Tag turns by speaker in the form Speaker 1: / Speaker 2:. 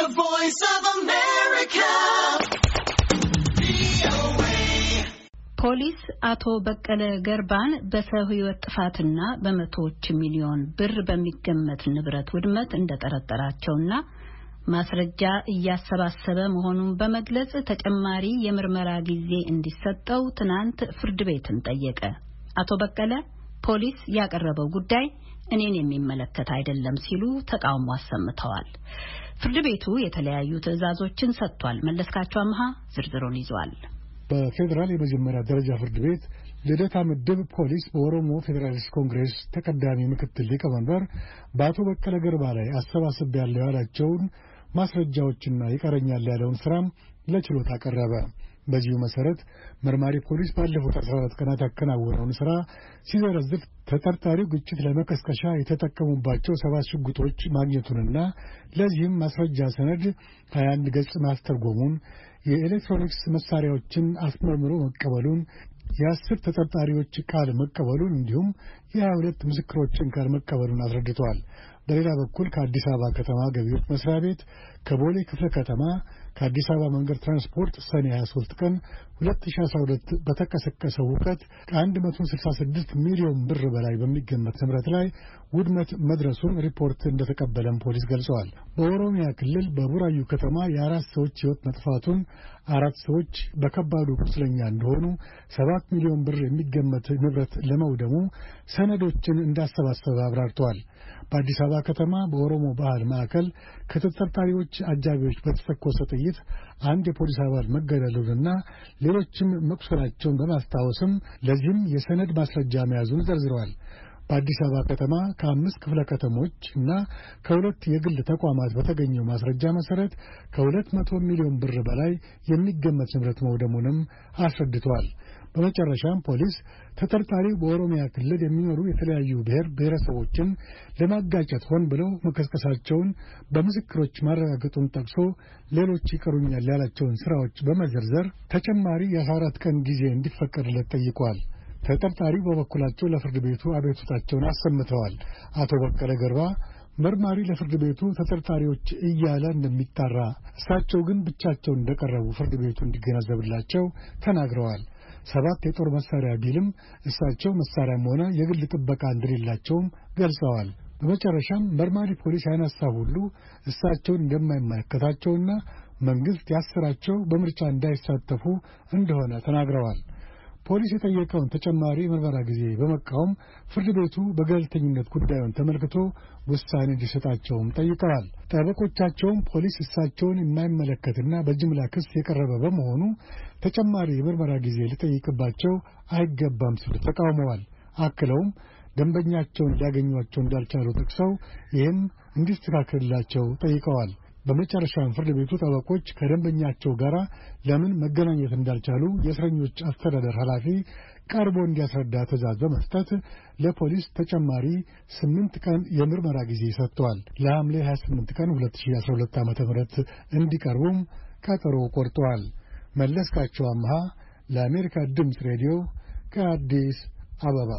Speaker 1: The Voice of America. ፖሊስ አቶ በቀለ ገርባን በሰው ሕይወት ጥፋትና በመቶዎች ሚሊዮን ብር በሚገመት ንብረት ውድመት እንደጠረጠራቸውና ማስረጃ እያሰባሰበ መሆኑን በመግለጽ ተጨማሪ የምርመራ ጊዜ እንዲሰጠው ትናንት ፍርድ ቤትን ጠየቀ። አቶ በቀለ ፖሊስ ያቀረበው ጉዳይ እኔን የሚመለከት አይደለም ሲሉ ተቃውሞ አሰምተዋል። ፍርድ ቤቱ የተለያዩ ትዕዛዞችን ሰጥቷል። መለስካቸው አምሃ ዝርዝሩን ይዟል።
Speaker 2: በፌዴራል የመጀመሪያ ደረጃ ፍርድ ቤት ልደታ ምድብ ፖሊስ በኦሮሞ ፌዴራሊስት ኮንግሬስ ተቀዳሚ ምክትል ሊቀመንበር በአቶ በቀለ ገርባ ላይ አሰባስብ ያለው ያላቸውን ማስረጃዎችና ይቀረኛል ያለውን ስራም ለችሎት አቀረበ። በዚሁ መሰረት መርማሪ ፖሊስ ባለፉት 14 ቀናት ያከናወነውን ስራ ሲዘረዝፍ ተጠርጣሪው ግጭት ለመቀስቀሻ የተጠቀሙባቸው ሰባት ሽጉጦች ማግኘቱንና ለዚህም ማስረጃ ሰነድ 21 ገጽ ማስተርጎሙን፣ የኤሌክትሮኒክስ መሳሪያዎችን አስመርምሮ መቀበሉን የአስር ተጠርጣሪዎች ቃል መቀበሉን እንዲሁም የሀያ ሁለት ምስክሮችን ቃል መቀበሉን አስረድተዋል። በሌላ በኩል ከአዲስ አበባ ከተማ ገቢዎች መስሪያ ቤት፣ ከቦሌ ክፍለ ከተማ ከአዲስ አበባ መንገድ ትራንስፖርት ሰኔ 23 ቀን 2012 በተቀሰቀሰው ውቀት ከ166 ሚሊዮን ብር በላይ በሚገመት ንብረት ላይ ውድመት መድረሱን ሪፖርት እንደተቀበለም ፖሊስ ገልጸዋል። በኦሮሚያ ክልል በቡራዩ ከተማ የአራት ሰዎች ሕይወት መጥፋቱን፣ አራት ሰዎች በከባዱ ቁስለኛ እንደሆኑ፣ ሰባት ሚሊዮን ብር የሚገመት ንብረት ለመውደሙ ሰነዶችን እንዳሰባሰበ አብራርተዋል። በአዲስ አበባ ከተማ በኦሮሞ ባህል ማዕከል ከተጠርጣሪዎች አጃቢዎች በተተኮሰ ጥይት አንድ የፖሊስ አባል መገደሉንና ሌሎችም መቁሰላቸውን በማስታወስም ለዚህም የሰነድ ማስረጃ መያዙን ዘርዝረዋል። በአዲስ አበባ ከተማ ከአምስት ክፍለ ከተሞች እና ከሁለት የግል ተቋማት በተገኘው ማስረጃ መሰረት ከሁለት መቶ ሚሊዮን ብር በላይ የሚገመት ንብረት መውደሙንም አስረድቷል። በመጨረሻም ፖሊስ ተጠርጣሪው በኦሮሚያ ክልል የሚኖሩ የተለያዩ ብሔር ብሔረሰቦችን ለማጋጨት ሆን ብለው መቀስቀሳቸውን በምስክሮች ማረጋገጡን ጠቅሶ ሌሎች ይቀሩኛል ያላቸውን ስራዎች በመዘርዘር ተጨማሪ የ 4 ቀን ጊዜ እንዲፈቀድለት ጠይቋል። ተጠርጣሪው በበኩላቸው ለፍርድ ቤቱ አቤቱታቸውን አሰምተዋል። አቶ በቀለ ገርባ መርማሪ ለፍርድ ቤቱ ተጠርጣሪዎች እያለ እንደሚጠራ እሳቸው ግን ብቻቸውን እንደቀረቡ ፍርድ ቤቱ እንዲገነዘብላቸው ተናግረዋል። ሰባት የጦር መሳሪያ ቢልም እሳቸው መሳሪያም ሆነ የግል ጥበቃ እንደሌላቸውም ገልጸዋል። በመጨረሻም መርማሪ ፖሊስ ያነሳ ሁሉ እሳቸውን እንደማይመለከታቸውና መንግሥት ያሰራቸው በምርጫ እንዳይሳተፉ እንደሆነ ተናግረዋል። ፖሊስ የጠየቀውን ተጨማሪ የምርመራ ጊዜ በመቃወም ፍርድ ቤቱ በገለልተኝነት ጉዳዩን ተመልክቶ ውሳኔ እንዲሰጣቸውም ጠይቀዋል። ጠበቆቻቸውም ፖሊስ እሳቸውን የማይመለከትና በጅምላ ክስ የቀረበ በመሆኑ ተጨማሪ የምርመራ ጊዜ ሊጠይቅባቸው አይገባም ሲሉ ተቃውመዋል። አክለውም ደንበኛቸውን ሊያገኟቸው እንዳልቻሉ ጠቅሰው ይህም እንዲስተካከልላቸው ጠይቀዋል። በመጨረሻም ፍርድ ቤቱ ጠበቆች ከደንበኛቸው ጋር ለምን መገናኘት እንዳልቻሉ የእስረኞች አስተዳደር ኃላፊ ቀርቦ እንዲያስረዳ ትእዛዝ በመስጠት ለፖሊስ ተጨማሪ ስምንት ቀን የምርመራ ጊዜ ሰጥተዋል። ለሐምሌ 28 ቀን 2012 ዓ ም እንዲቀርቡም ቀጠሮ ቆርጠዋል። መለስካቸው አምሃ ለአሜሪካ ድምፅ ሬዲዮ ከአዲስ አበባ